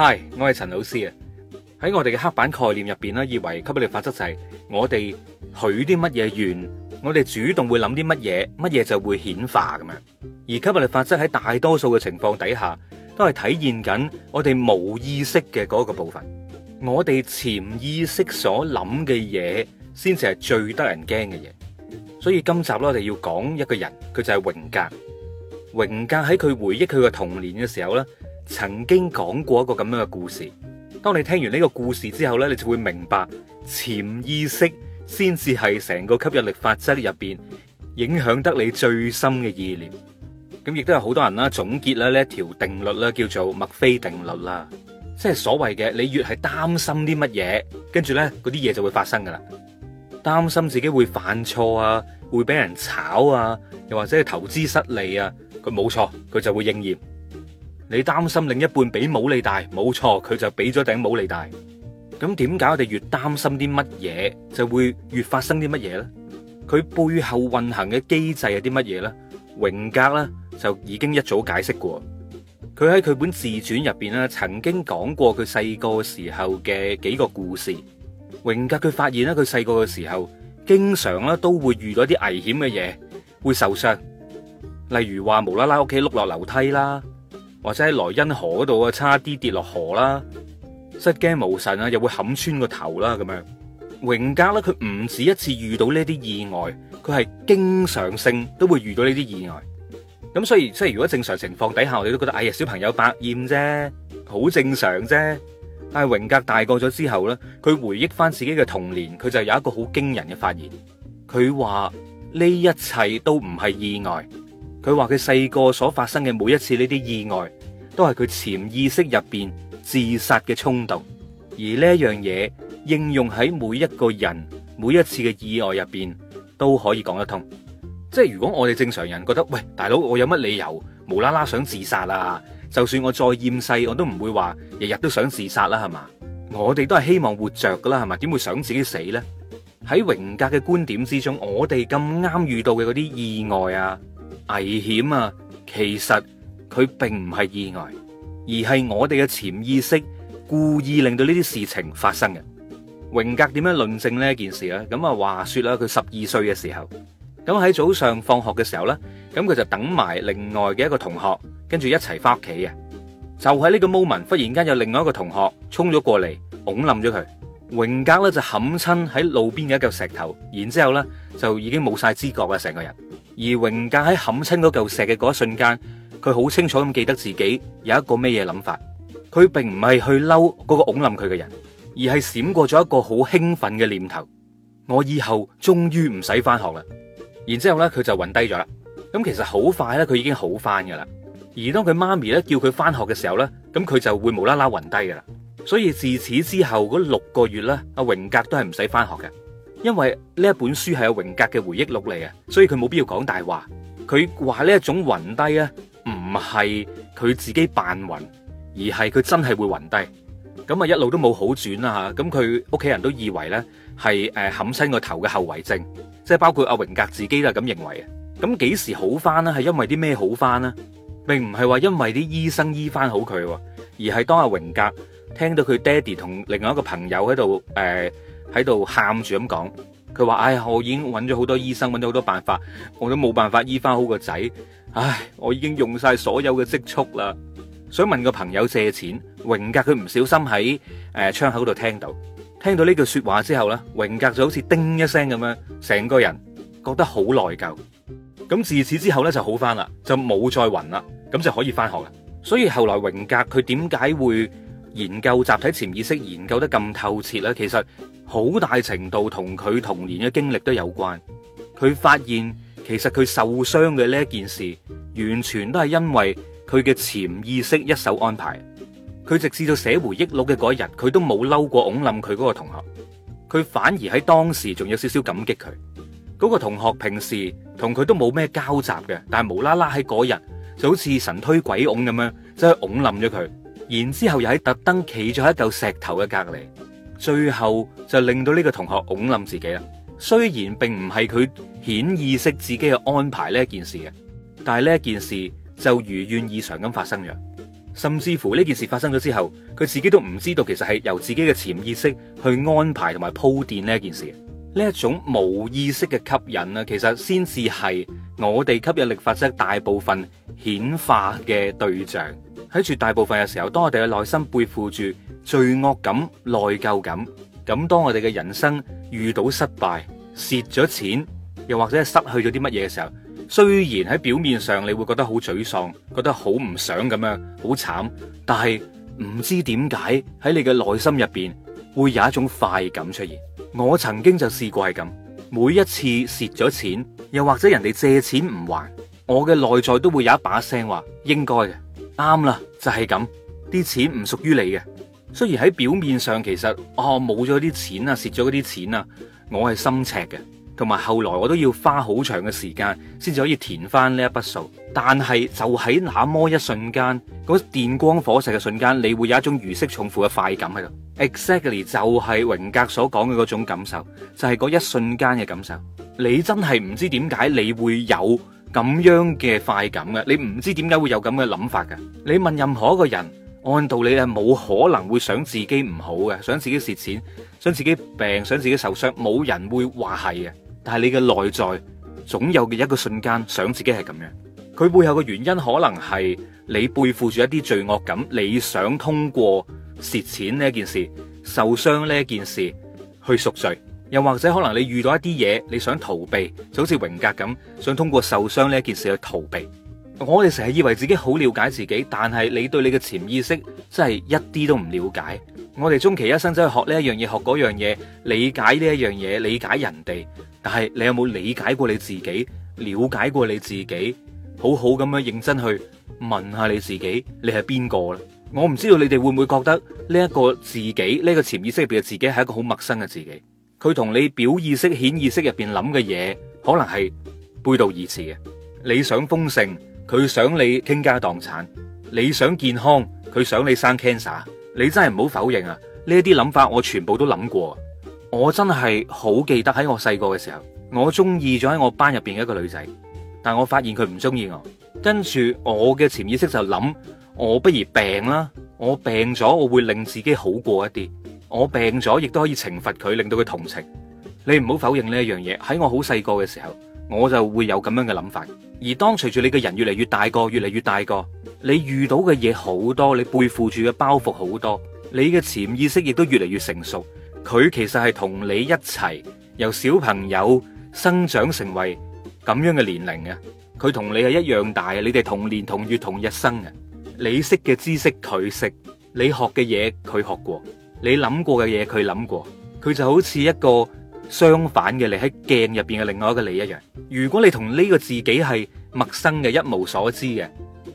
係，Hi, 我係陳老師啊。喺我哋嘅黑板概念入邊啦，以為吸引力法則就係我哋許啲乜嘢願，我哋主動會諗啲乜嘢，乜嘢就會顯化咁樣。而吸引力法則喺大多數嘅情況底下，都係體現緊我哋冇意識嘅嗰個部分。我哋潛意識所諗嘅嘢，先至係最得人驚嘅嘢。所以今集啦，我哋要講一個人，佢就係榮格。榮格喺佢回憶佢個童年嘅時候咧。曾經講過一個咁樣嘅故事，當你聽完呢個故事之後呢，你就會明白潛意識先至係成個吸引力法則入邊影響得你最深嘅意念。咁亦都有好多人啦總結啦呢一條定律啦，叫做墨菲定律啦，即係所謂嘅你越係擔心啲乜嘢，跟住呢嗰啲嘢就會發生噶啦。擔心自己會犯錯啊，會俾人炒啊，又或者係投資失利啊，佢冇錯，佢就會應驗。你擔心另一半俾帽你戴，冇錯，佢就俾咗頂帽你戴。咁點解我哋越擔心啲乜嘢，就會越發生啲乜嘢咧？佢背後運行嘅機制係啲乜嘢咧？榮格咧就已經一早解釋過。佢喺佢本自傳入邊咧，曾經講過佢細個時候嘅幾個故事。榮格佢發現咧，佢細個嘅時候，經常咧都會遇到啲危險嘅嘢，會受傷，例如話無啦啦屋企碌落樓梯啦。或者喺萊茵河嗰度啊，差啲跌落河啦，失驚無神啊，又會冚穿個頭啦，咁樣。榮格咧，佢唔止一次遇到呢啲意外，佢係經常性都會遇到呢啲意外。咁所以，即係如果正常情況底下，我哋都覺得，哎呀，小朋友百厭啫，好正常啫。但係榮格大個咗之後咧，佢回憶翻自己嘅童年，佢就有一個好驚人嘅發現。佢話呢一切都唔係意外。佢話佢細個所發生嘅每一次呢啲意外，都係佢潛意識入邊自殺嘅衝動。而呢一樣嘢應用喺每一個人每一次嘅意外入邊，都可以講得通。即係如果我哋正常人覺得，喂，大佬，我有乜理由無啦啦想自殺啊？就算我再厭世，我都唔會話日日都想自殺啦，啊，係嘛？我哋都係希望活着噶啦，係嘛？點會想自己死呢？喺榮格嘅觀點之中，我哋咁啱遇到嘅嗰啲意外啊！危險啊！其實佢並唔係意外，而係我哋嘅潛意識故意令到呢啲事情發生嘅。榮格點樣論證呢件事咧？咁啊，話說啦，佢十二歲嘅時候，咁喺早上放學嘅時候呢，咁佢就等埋另外嘅一個同學，跟住一齊翻屋企嘅。就喺呢個 moment，忽然間有另外一個同學衝咗過嚟，拱冧咗佢。榮格咧就冚親喺路邊嘅一嚿石頭，然之後咧就已經冇晒知覺啊，成個人。而榮格喺冚親嗰嚿石嘅嗰一瞬間，佢好清楚咁記得自己有一個咩嘢諗法。佢並唔係去嬲嗰個㧬冧佢嘅人，而係閃過咗一個好興奮嘅念頭：我以後終於唔使翻學啦！然之後咧，佢就暈低咗啦。咁其實好快咧，佢已經好翻噶啦。而當佢媽咪咧叫佢翻學嘅時候咧，咁佢就會無啦啦暈低噶啦。所以自此之後嗰六個月咧，阿榮格都係唔使翻學嘅。因為呢一本書係阿榮格嘅回憶錄嚟嘅，所以佢冇必要講大話。佢話呢一種暈低咧，唔係佢自己扮暈，而係佢真係會暈低。咁啊一路都冇好轉啦吓，咁佢屋企人都以為呢係誒冚親個頭嘅後遺症，即係包括阿榮格自己都係咁認為啊。咁幾時好翻咧？係因為啲咩好翻咧？並唔係話因為啲醫生醫翻好佢，而係當阿榮格聽到佢爹哋同另外一個朋友喺度誒。呃喺度喊住咁講，佢話：哎呀，我已經揾咗好多醫生，揾咗好多辦法，我都冇辦法醫翻好個仔。唉，我已經用晒所有嘅積蓄啦，想問個朋友借錢。榮格佢唔小心喺誒、呃、窗口度聽到，聽到呢句說話之後咧，榮格就好似叮一聲咁樣，成個人覺得好內疚。咁自此之後呢，就好翻啦，就冇再暈啦，咁就可以翻學啦。所以後來榮格佢點解會？研究集體潛意識研究得咁透徹咧、啊，其實好大程度同佢童年嘅經歷都有關。佢發現其實佢受傷嘅呢一件事，完全都係因為佢嘅潛意識一手安排。佢直至到寫回憶錄嘅嗰日，佢都冇嬲過㧬冧佢嗰個同學，佢反而喺當時仲有少少感激佢。嗰、那個同學平時同佢都冇咩交集嘅，但係無啦啦喺嗰日就好似神推鬼㧬咁樣，即係㧬冧咗佢。然之後又喺特登企咗喺嚿石頭嘅隔籬，最後就令到呢個同學懵冧自己啦。雖然並唔係佢顯意識自己嘅安排呢一件事嘅，但係呢一件事就如願以償咁發生咗。甚至乎呢件事發生咗之後，佢自己都唔知道其實係由自己嘅潛意識去安排同埋鋪墊呢一件事。呢一種無意識嘅吸引啊，其實先至係我哋吸引力法則大部分顯化嘅對象。喺絕大部分嘅時候，當我哋嘅內心背負住罪惡感、內疚感，咁當我哋嘅人生遇到失敗、蝕咗錢，又或者係失去咗啲乜嘢嘅時候，雖然喺表面上你會覺得好沮喪，覺得好唔想咁樣，好慘，但係唔知點解喺你嘅內心入邊會有一種快感出現。我曾經就試過係咁，每一次蝕咗錢，又或者人哋借錢唔還，我嘅內在都會有一把聲話應該嘅。啱啦，就係咁，啲錢唔屬於你嘅。雖然喺表面上，其實哦冇咗啲錢啊，蝕咗啲錢啊，我係心赤嘅。同埋後來我都要花好長嘅時間，先至可以填翻呢一筆數。但係就喺那麼一瞬間，嗰電光火石嘅瞬間，你會有一種如釋重負嘅快感喺度。Exactly 就係榮格所講嘅嗰種感受，就係嗰一瞬間嘅感受。你真係唔知點解你會有。咁樣嘅快感嘅，你唔知點解會有咁嘅諗法嘅？你問任何一個人，按道理係冇可能會想自己唔好嘅，想自己蝕錢，想自己病，想自己受傷，冇人會話係嘅。但係你嘅內在總有嘅一個瞬間想自己係咁樣，佢背後嘅原因可能係你背負住一啲罪惡感，你想通過蝕錢呢件事、受傷呢件事去贖罪。又或者可能你遇到一啲嘢，你想逃避，就好似榮格咁，想通過受傷呢一件事去逃避。我哋成日以為自己好了解自己，但係你對你嘅潛意識真係一啲都唔了解。我哋終其一生走去學呢一樣嘢，學嗰樣嘢，理解呢一樣嘢，理解人哋，但係你有冇理解過你自己，了解過你自己，好好咁樣認真去問下你自己，你係邊個咧？我唔知道你哋會唔會覺得呢一個自己，呢個潛意識入邊嘅自己係一個好陌生嘅自己。佢同你表意識、顯意識入邊諗嘅嘢，可能係背道而馳嘅。你想豐盛，佢想你傾家蕩產；你想健康，佢想你生 cancer。你真係唔好否認啊！呢啲諗法，我全部都諗過。我真係好記得喺我細個嘅時候，我中意咗喺我班入邊一個女仔，但我發現佢唔中意我。跟住我嘅潛意識就諗，我不如病啦，我病咗，我會令自己好過一啲。我病咗，亦都可以懲罰佢，令到佢同情。你唔好否認呢一樣嘢。喺我好細個嘅時候，我就會有咁樣嘅諗法。而當隨住你嘅人越嚟越大個，越嚟越大個，你遇到嘅嘢好多，你背負住嘅包袱好多，你嘅潛意識亦都越嚟越成熟。佢其實係同你一齊由小朋友生長成為咁樣嘅年齡嘅。佢同你係一樣大，你哋同年同月同日生嘅。你識嘅知識，佢識；你學嘅嘢，佢學，學過。你諗過嘅嘢，佢諗過，佢就好似一個相反嘅你喺鏡入邊嘅另外一個你一樣。如果你同呢個自己係陌生嘅、一無所知嘅，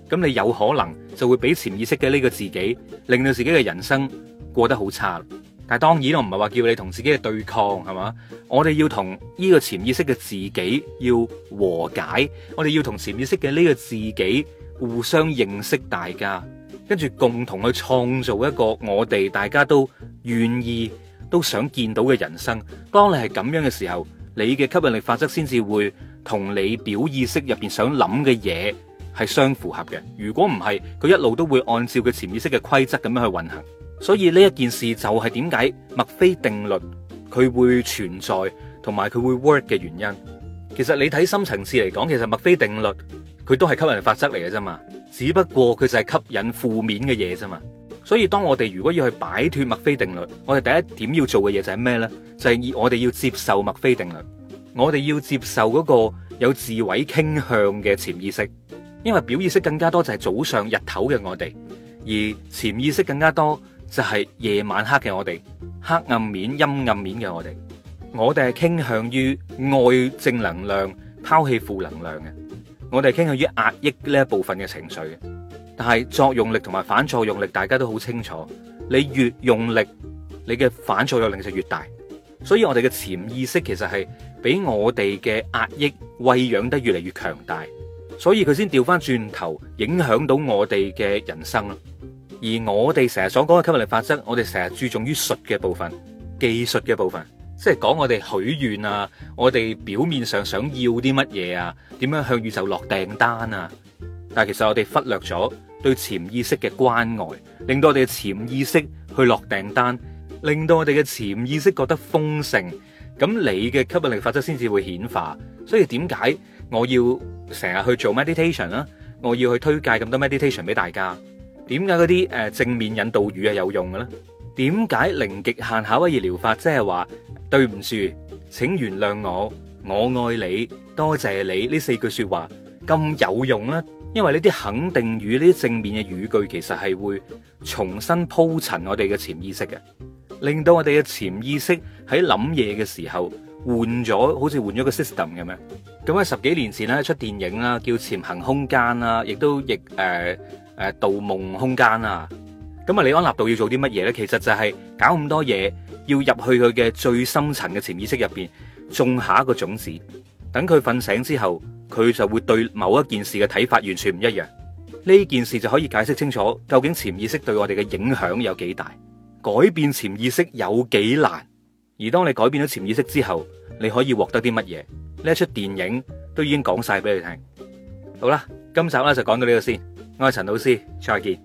咁你有可能就會俾潛意識嘅呢個自己令到自己嘅人生過得好差。但當然我唔係話叫你同自己嘅對抗，係嘛？我哋要同呢個潛意識嘅自己要和解，我哋要同潛意識嘅呢個自己互相認識大家。跟住共同去創造一個我哋大家都願意都想見到嘅人生。當你係咁樣嘅時候，你嘅吸引力法則先至會同你表意識入邊想諗嘅嘢係相符合嘅。如果唔係，佢一路都會按照佢潛意識嘅規則咁樣去運行。所以呢一件事就係點解墨菲定律佢會存在同埋佢會 work 嘅原因。其實你睇深層次嚟講，其實墨菲定律佢都係吸引力法則嚟嘅啫嘛。只不過佢就係吸引負面嘅嘢啫嘛，所以當我哋如果要去擺脫墨菲定律，我哋第一點要做嘅嘢就係咩呢？就係以我哋要接受墨菲定律，我哋要接受嗰個有自毀傾向嘅潛意識，因為表意識更加多就係早上日頭嘅我哋，而潛意識更加多就係夜晚黑嘅我哋，黑暗面、陰暗面嘅我哋，我哋係傾向於愛正能量，拋棄負能量嘅。我哋傾向於壓抑呢一部分嘅情緒，但係作用力同埋反作用力，大家都好清楚。你越用力，你嘅反作用力就越大。所以我哋嘅潛意識其實係俾我哋嘅壓抑餵養得越嚟越強大，所以佢先掉返轉頭影響到我哋嘅人生啦。而我哋成日所講嘅吸引力法則，我哋成日注重於術嘅部分、技術嘅部分。即係講我哋許願啊，我哋表面上想要啲乜嘢啊，點樣向宇宙落訂單啊？但係其實我哋忽略咗對潛意識嘅關愛，令到我哋嘅潛意識去落訂單，令到我哋嘅潛意識覺得豐盛，咁你嘅吸引力法則先至會顯化。所以點解我要成日去做 meditation 啦、啊？我要去推介咁多 meditation 俾大家？點解嗰啲誒正面引導語係有用嘅咧？點解零極限夏威夷療法即係話？對唔住，請原諒我，我愛你，多謝你呢四句說話咁有用啦，因為呢啲肯定語呢啲正面嘅語句，其實係會重新鋪陳我哋嘅潛意識嘅，令到我哋嘅潛意識喺諗嘢嘅時候換咗，好似換咗個 system 嘅咩？咁喺十幾年前咧，出電影啦，叫《潛行空間》啦，亦都亦誒誒《盜、呃、夢空間》啊，咁啊李安納道要做啲乜嘢呢？其實就係搞咁多嘢。要入去佢嘅最深層嘅潛意識入邊種下一個種子，等佢瞓醒之後，佢就會對某一件事嘅睇法完全唔一樣。呢件事就可以解釋清楚究竟潛意識對我哋嘅影響有幾大，改變潛意識有幾難。而當你改變咗潛意識之後，你可以獲得啲乜嘢？呢一出電影都已經講晒俾你聽。好啦，今集咧就講到呢度先。我係陳老師，再見。